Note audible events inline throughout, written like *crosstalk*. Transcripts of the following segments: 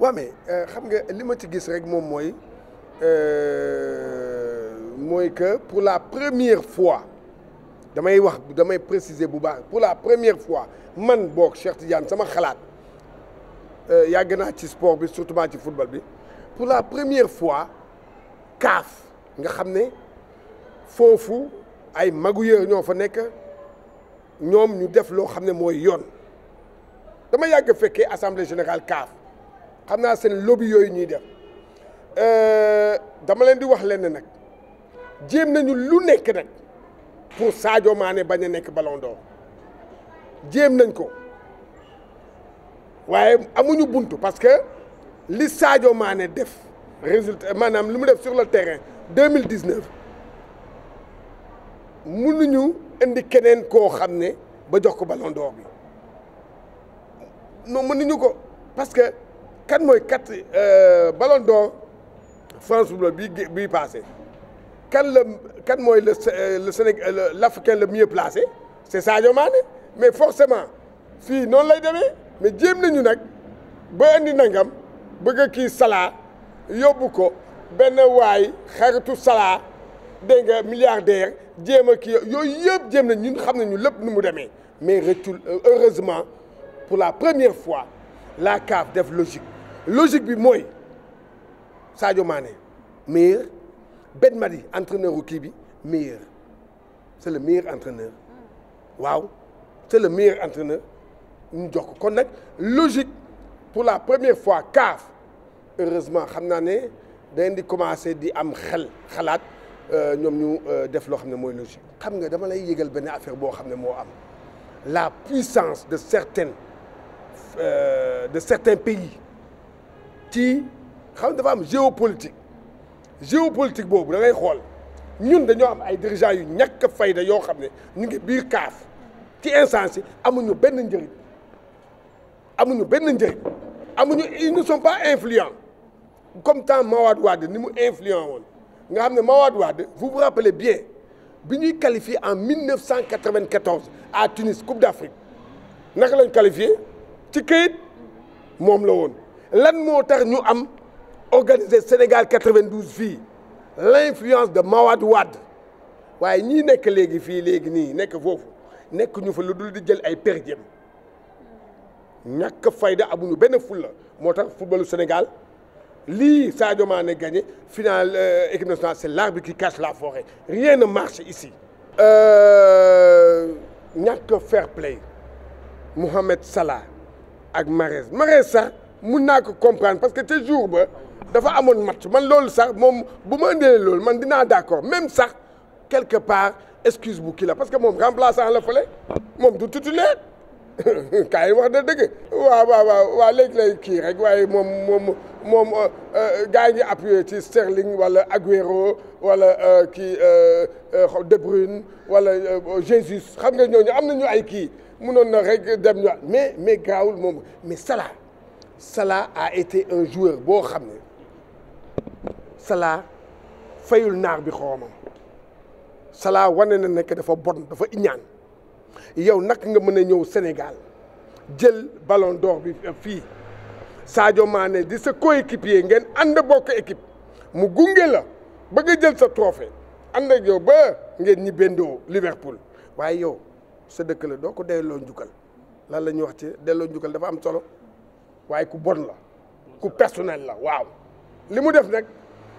waa mais euh, xam nga li ma ci gis rek moom mooy euh, mooy que pour la première fois damay wax damay préciser bu baax pour la première fois man boog ti Tidiane sama xalaat euh, yàgg naa ci sport bi surtout ci football bi pour la première fois kaaf nga xam ne foofu ay magu yër ñoo fa nekk ñoom ñu def loo xam ne mooy yoon dama yàgg fekkee assemblée général kaaf xam naa seen lobi yooyu ñuy def euh, dama leen di wax leen ne nag jéem nañu lu nekk nag pour Sadio Mané bañ a nekk Ballon d'Or jéem nañ ko waaye amuñu bunt parce que li Sadio maane def résultat maanaam li mu def sur le terrain deux mille dix neuf mënuñu indi keneen koo xam ne ba jox ko Ballon d'Or bi non mënuñu ko parce que. kan mooy quatre euh, ballon d'or France bleu bi bii passé kan la kan mooy le euh, le Sénégal euh, l'Africain le mieux placé c'est Sadio Mané mais forcément fii noonu lay demee mais jéem nañu nag ba indi nangam bëgg a kii Salah yóbbu ko benn waay xaritu Salah dégg nga milliardaire jéem a kii yooyu yëpp jéem nañ ñun xam nañu lépp nu mu demee mais rëccul heureusement pour la première fois la CAF def logique logique bi mooy Sadio Mané meilleur Ben Madi entraîneur u kii bi meilleur c'est le meilleur entraîneur mm. waaw c'est le meilleur entraîneur ñu jox ko kon nag logique pour la première fois CAF heureusement xam naa ne dañ di commencer di am xel xalaat euh, ñoom ñu euh, def loo xam ne mooy logique xam nga dama lay yëgal benn affaire boo xam ne moo am la puissance de certaines euh, de certains pays ci xam dafa am géopolitique géopolitique boobu da xool ñun dañoo am ay dirigeants yu ñàkk fayda yoo xam ne ñu ngi biir kaaf ci instance yi amuñu benn njëriñ amuñu benn njëriñ amuñu ils ne sont pas influents comme temps Mawade Wade ni mu influent woon nga xam ne Mawade Wade vous vous rappelez bien bi ñuy qualifié en 1994 à Tunis Coupe d'Afrique naka lañ qualifié ci këyit moom la woon. lan moo tax ñu am organiser Sénégal 92 fii l'influence de Mawade Wade waaye ñii nekk léegi fii léegi nii nekk foofu nekk ñu fa lu dul di jël ay per jëm ñàkk fayda amuñu benn fulla moo tax footballu Sénégal lii Sadio Mané gagné finale euh, équipe nationale c'est l'arbre qui cache la forêt rien ne marche ici. Euh, ñàkk fair play Mohamed Salah ak Mahrez Mahrez sax. mun naa ko comprendre parce que ca jour ba dafa amoon match man loolu sax moom bu ma indee loolu man dinaa d'accord même sax quelque part excuse bu kii la parce que moom remplaçant la fële moom du titulaire *laughs* kaay wax da dëgg. waaw waa waaw waaw léegi kii rek waaye moom moom moom euh, euh, gars yi ngi appuyé ci Sterling wala Aguero wala euh, kii De Bruyne wala Jesus xam nga ñooñu am nañu ay kii munoon na rek dem ñu mais mais gaawul moom mais Salah. salaa a été un joueur boo xam ne salaa fayul naar bi xoomam salaa wane na nekk dafa bon dafa iñaan yow nak nga mën a ñëw Sénégal jël ballon d'or bi fii Sadio Mané di sa coéquipier ngeen ànd bokk équipe mu gunge la bëgg a jël sa trophée ànd ak yow ba ngeen ñi bendoo Liverpool waaye yow sa dëkk la doo ko delloo njukkal lan la ñuy wax ci delloo njukkal dafa am solo waaye ku bon la ku personnel la waaw li mu def nag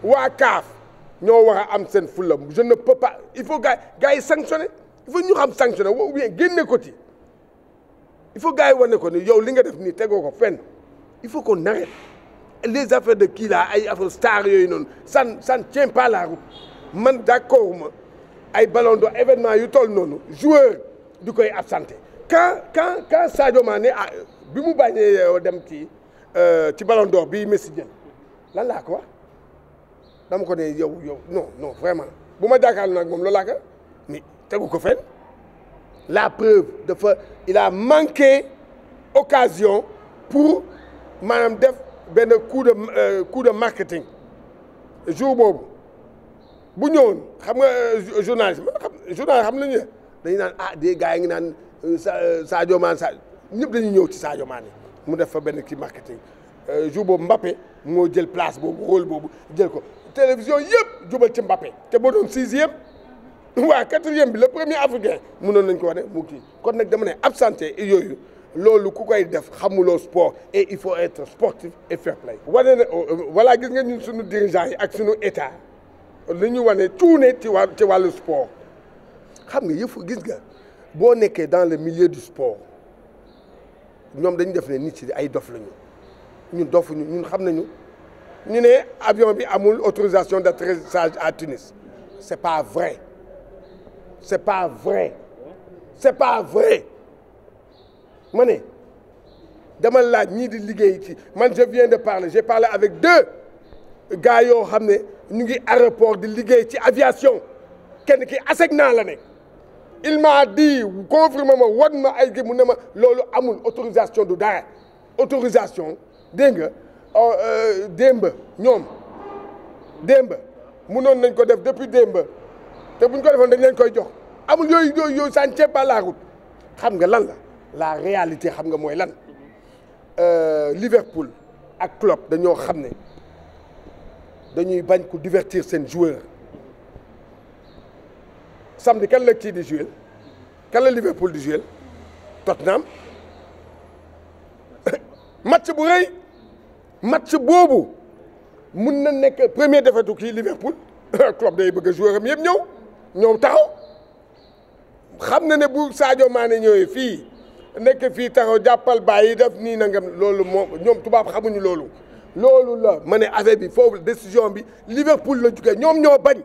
waa kaaf ñoo wax a am seen fulla je ne peux pas il faut gars yi sanctionner il faut ñu xam sanctionner ou bien génne ko ci il faut gars yi wane ko ni yow li nga def nii tegoo ko fenn il faut qu'on arrête les affaires de kii laa ay affaire star yooyu noonu san ça ne tient man d'accord ay ballon d'or événement yu toll noonu joueur di koy absenté quand quand quand Sadio Mané bi mu bàññee euh, dem kii euh, ci ballon d'or bi Messi jël lan laa ko wax ko ne yow yow non non vraiment bu ma jàkkaarloo nag moom loolu laa ko ni tegu ko fenn la preuve dafa il a manqué occasion pour maanaam def benn coup de euh, coup marketing jour boobu bu ñëwoon xam nga euh, journalisme xam journal xam nañu ne dañu naan ah des gars yi ngi naan Sadio Mané Sadio ñëpp dañuy ñëw ci Sadio Mané mu def fa benn kii marketing euh, jour boobu Mbappé moo jël place boobu rôle boobu jël ko télévision yëpp jubal ci Mbappé te boo doon sixième *laughs* waa quatrième bi le premier africain mënoon nañ ko wane mu kii kon nag dama ne absenté yooyu loolu ku koy def xamuloo sport et il faut être sportif et fair play wane ne euh, euh, voilà gis nga ñun suñu dirigeants yi ak sunu état li ñu wane tuune ci wàllu ci wàllu sport xam nga yëfu gis nga boo nekkee dans le milieu du sport ñoom dañu def ne nit ci ay dof lañu ñun dofuñu ñun xam nañu ñu ne avion bi amul autorisation d'atterrissage à Tunis c'est pas vrai c'est pas vrai c'est pas vrai ma ne dama laaj ñii di liggéey ci man je viens de parler j'ai parlé avec deux gars yoo xam ne ñu ngi aéroport di liggéey ci aviation kenn ki naa la nekk il m'a dit confirmé ma wan ma ay gi mu ne ma loolu amun autorisation du dara autorisation dégg nga euh, euh, démb ñoom démb munoon nañ ko def depuis démb te buñ ko defoon dañ leen koy jox amul yooyu yooyu yooyu ça ne la route xam nga lan la la réalité xam nga mooy lan euh, Liverpool ak Klopp dañoo xam ne dañuy bañ ku divertir seen joueur samedi kan la kii di joué kan la Liverpool di joué Tottenham *laughs* match bu rëy match boobu mun na nekk premier defetu kii Liverpool club *laughs* day bëgg a joueur am yëpp ñëw ñoom xam na ne bu Sadio Mané ñëwee fii nekk fii taxaw jàppal bàyyi def nii nangam loolu moo ñoom tubaab xamuñu loolu. loolu la ma ne affaire bi foofu décision bi Liverpool la jugee ñoom ñoo bañ.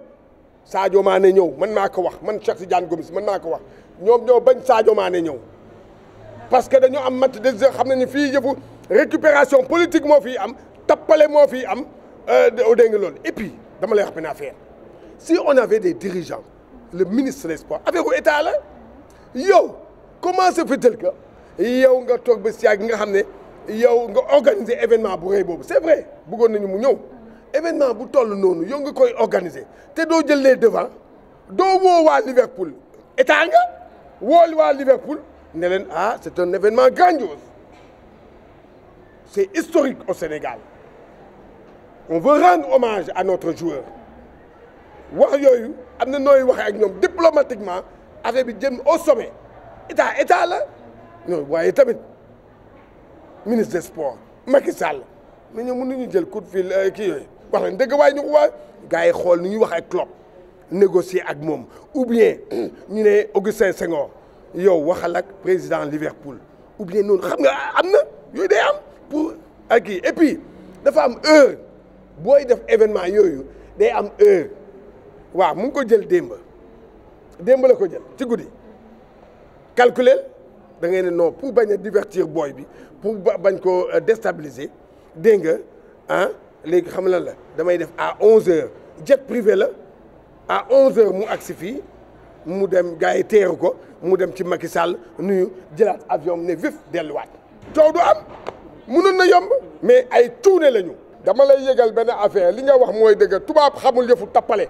Sadio Mané ñëw man maa ko wax man Cheikh Tidiane Gomis man maa ko wax ñoom ñoo bañ Sadio Mané ñëw parce que dañoo am mat de xam xam nañu fii yëfu récupération politique moo fii am tappale moo fii am euh, dégg nga loolu et dama lay wax benn affaire si on avait des dirigeants le ministre des sports affaire u état la yow comment se fait-il que yow nga toog ba si yàgg nga xam ne yow nga organiser événement bu rëy boobu c'est vrai bëggoon nañu mu ñëw événement bu toll noonu yow nga koy organiser te doo jël les devants doo woo waa Liverpool état nga wool waa Liverpool ne leen ah c'est un événement grandiose c'est historique au Sénégal on veut rendre hommage à notre joueur wax yooyu am na nooy waxee ak ñoom diplomatiquement affaire bi jëm au sommet état état la ñooy waaye tamit ministre des sports Macky Sall mais ñoom mënuñu jël coup de fil euh, kii wax na dëgg waaye ñu ko waa gars yi xool nu ñuy wax ak Klopp négocier ak moom ou bien *clears throat* ñu ne Augustin Senghor yow waxal ak président Liverpool ou bien noonu xam nga am na yooyu day am pour ak kii et puis dafa am heure booy def événement yooyu day am heure waaw mu ngi ko jël démba démb la ko jël ci guddi calculer da ngay ne non pour bañ a divertir booy bi pour bañ ko euh, déstabiliser dégg nga ah léegi xam lan la damay def à 11h jet privé la à 11h mu agsi fii mu dem gars yi teeru ko mu dem ci Macky sàll nuyu jëlaat avion ne vif delluwaat. coow du am mënoon na yomb mais ay tuune lañu. dama lay yëgal benn affaire li nga wax mooy dëgg tubaab xamul yëfu tappale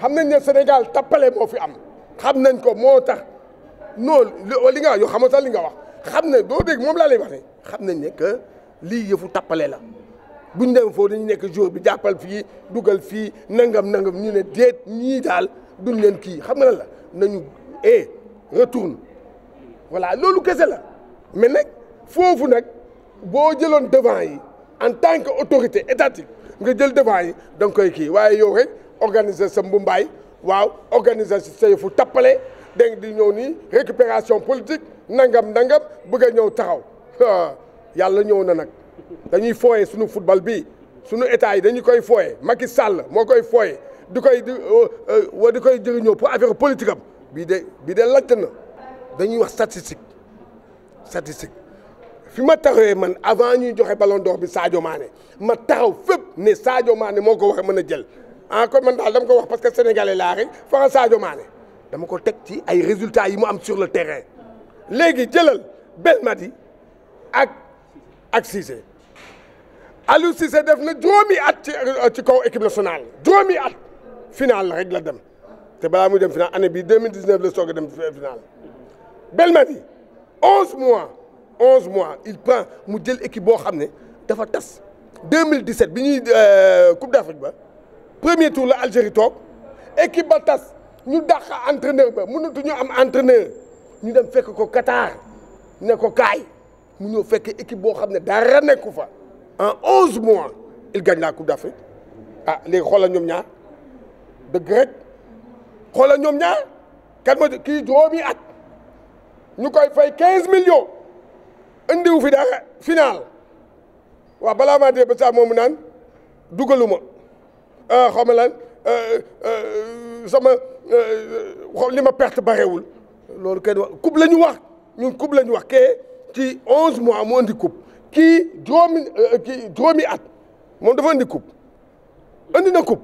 xam nañ ne Sénégal tappale moo fi am xam nañ ko moo tax non li nga wax yoo xamante li nga wax xam ne doo dégg moom laa lay wax ne xam nañ ne que lii yëfu tappale la. bu ñu dem foofu dañu nekk jour bi jàppal fii dugal fii nangam nangam ñu ne déet ñii daal du leen kii xam nga la nañu eh retourne voilà loolu kese la mais nag foofu nag boo jëloon devant yi en tant que autorité étatique nga jël devant yi da nga koy kii waaye yow rek organiser sa mbumbaay waaw organiser sa yëfu tappale dégg di ñëw nii récupération politique nangam nangam bëgg a ñëw taxaw *laughs* yàlla ñëw na nag. dañuy fooye suñu football bi suñu état yi dañu koy fooye mag Macky Sall moo koy fooye di koy di wa euh, euh, di koy jëriñoo pour affaire politique am bii de bii de lajj dañuy wax statistique statistique fi ma taxawee man avant ñuy joxe ballon d'or bi Sadio maane ma taxaw fépp ne Sadio Mané moo ko war a mën a jël ah kon man daal dama ko wax parce que sénégalais laa rek fa Sadio Mané dama ko teg ci ay résultats yi mu am sur le terrain léegi jëlal Belmadi ak ak Cissé Aliou Cissé def na juróomi at euh, ci kaw équipe nationale juróomi at final la rek la dem te balaa muy dem final année bii 2019 la soog a dem euh, final Belmadi 11 mois 11 mois il prend mu jël équipe boo xam ne dafa tas 2017 bi ñuy euh, Coupe d'Afrique ba premier tour la Algérie toog équipe ba tas ñu dàq entraîneur ba mënatu ñu am entraîneur ñu dem fekk ko Qatar ne ko kaay mu ñëw fekk équipe boo xam ne dara nekku fa. en onze mois il gagne la coupe d'Afrique ah léegi xoolal ñoom ñaar dëgg rek xoolal ñoom ñaar kan ma kii juróomi at ñu koy fay quinze millions indiwu fi dara final waaw balaa maa dee ba saa moomu naan dugaluma euh, xaw ma lan euh, euh, sama li ma perte barewul loolu kenn wax coupe la ñu wax ñu coupe la wax kee ci onze mois mu indi coupe kii juróomi eh, kii at moom dafa ëndi coupe indi na coupe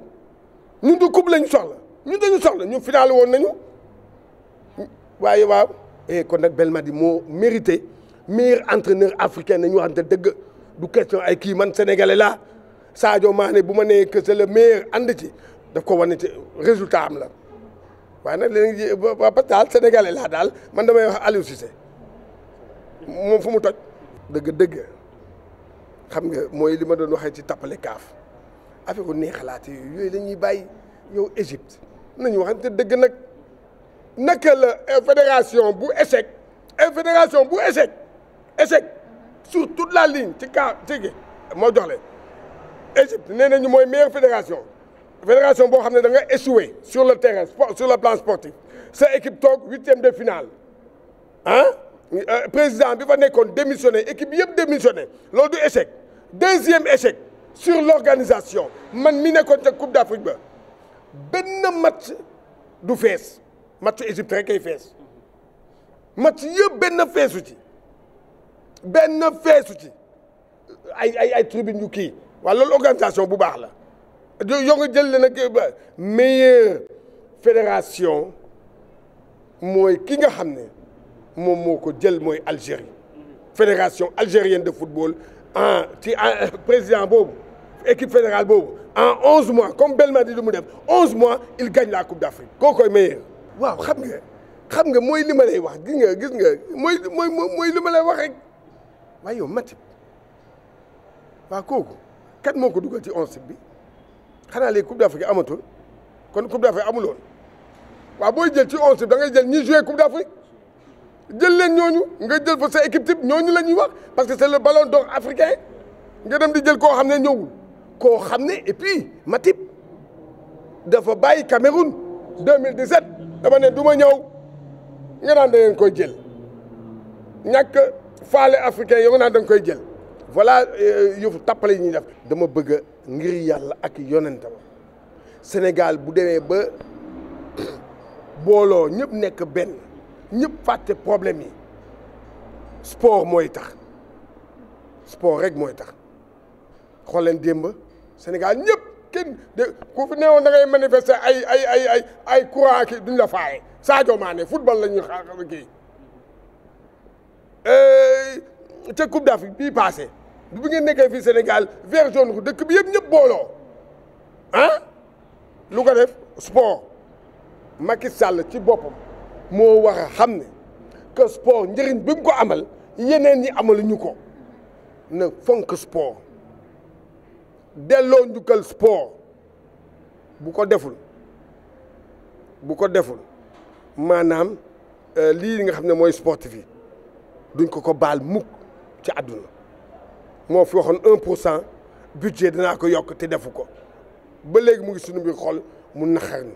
ñun du coupe lañu soxla ñun dañu soxla ñu final woon nañu waaye waaw e kon nag Belmadi moo mérité meilleur entraîneur africain nañu waxante dëgg du question ay kii man sénégalais laa Sadio Mané bu ma nee que c'est le meilleur ci daf ko wane ci résultat am la waaye nag léegi ba ba daal sénégalais laa daal man damay wax Aliou Cissé moom fu mu toj dëgg dëgg xam nga mooy li ma doon waxee ci tappale kaaf affaire neexalaate yooyu yooyu la ñuy bàyyi yow Égypte nañu waxante dëgg nag naka la fédération bu échec fédération bu échec échec sur toute la ligne ci kaa ci moo jox leen Égypte nee nañu mooy meilleure fédération fédération boo xam ne da nga échoué sur le terrain sur le plan sportif sa équipe toog huitième de finale ah Euh, président bi fa nekkoon démissionné équipe bi yëpp démissionné loolu du échec deuxième échec sur l'organisation man mi nekkoon ca coupe d'Afrique ba benn match du fees match Égypte rek kay fees match yëpp benn feesu ci benn feesu ci ay ay ay tribune yu kii waaw loolu organisation bu baax la yoo nga jël nag euh, meilleure fédération mooy ki nga xam ne moom moo ko jël mooy Algérie fédération algérienne de football en ci euh, président boobu équipe fédérale boobu en onze mois comme Belmadi lu mu def onze mois il gagne la coupe d' Afrique koy meilleur waaw xam nga xam nga mooy li ma lay wax gis nga gis nga mooy mooy mooy li ma lay wax rek waaye yow Matip waaw kooku kat moo ko dugal ci onze bi xanaa léegi coupe d' Afrique amatul kon coupe d' Afrique amuloon waaw booy jël ci onze bi da ngay jël ñi joué coupe d' jël leen ñooñu nga jël fa sa équipe type ñooñu la ñuy wax parce que c'est le ballon d'or africain nga dem di jël koo xam ne ñëwul koo xam ne et puis Matip dafa bàyyi Cameroun 2017 dama ne du ma ñëw nga naan da koy jël ñàkk faale africain yow nga naan da koy jël voilà euh, yëfu tappale yi ñuy def dama bëgg ngir yàlla ak yonentam Sénégal bu demee ba *clears throat* booloo ñëpp nekk benn ñépp fàtte problème yi sport mooy tax sport rek mooy tax xool leen démb Sénégal ñëpp kenn de ku fi neewoon da ngay manifester ay ay ay ay ay courant kii duñ la faaye Sadio Mané football la ñuy xaaral kii ca Coupe d'Afrique bii passé bu ngeen nekkee fii Sénégal vert jaune rouge dëkk bi yëpp ñëpp booloo ah lu ko def sport Macky sàll ci boppam. moo war a xam ne que sport njëriñ bi mu ko amal yeneen ñi amaluñu ko na fonk sport delloo njukkal sport bu ko deful bu ko deful maanaam euh, lii nga xam ne mooy sportif yi duñ ko ko baal muk ci àdduna moo fi waxoon un pour cent budget dinaa ko yokk te defu ko ba léegi mu ngi suñu biir xol mu naxar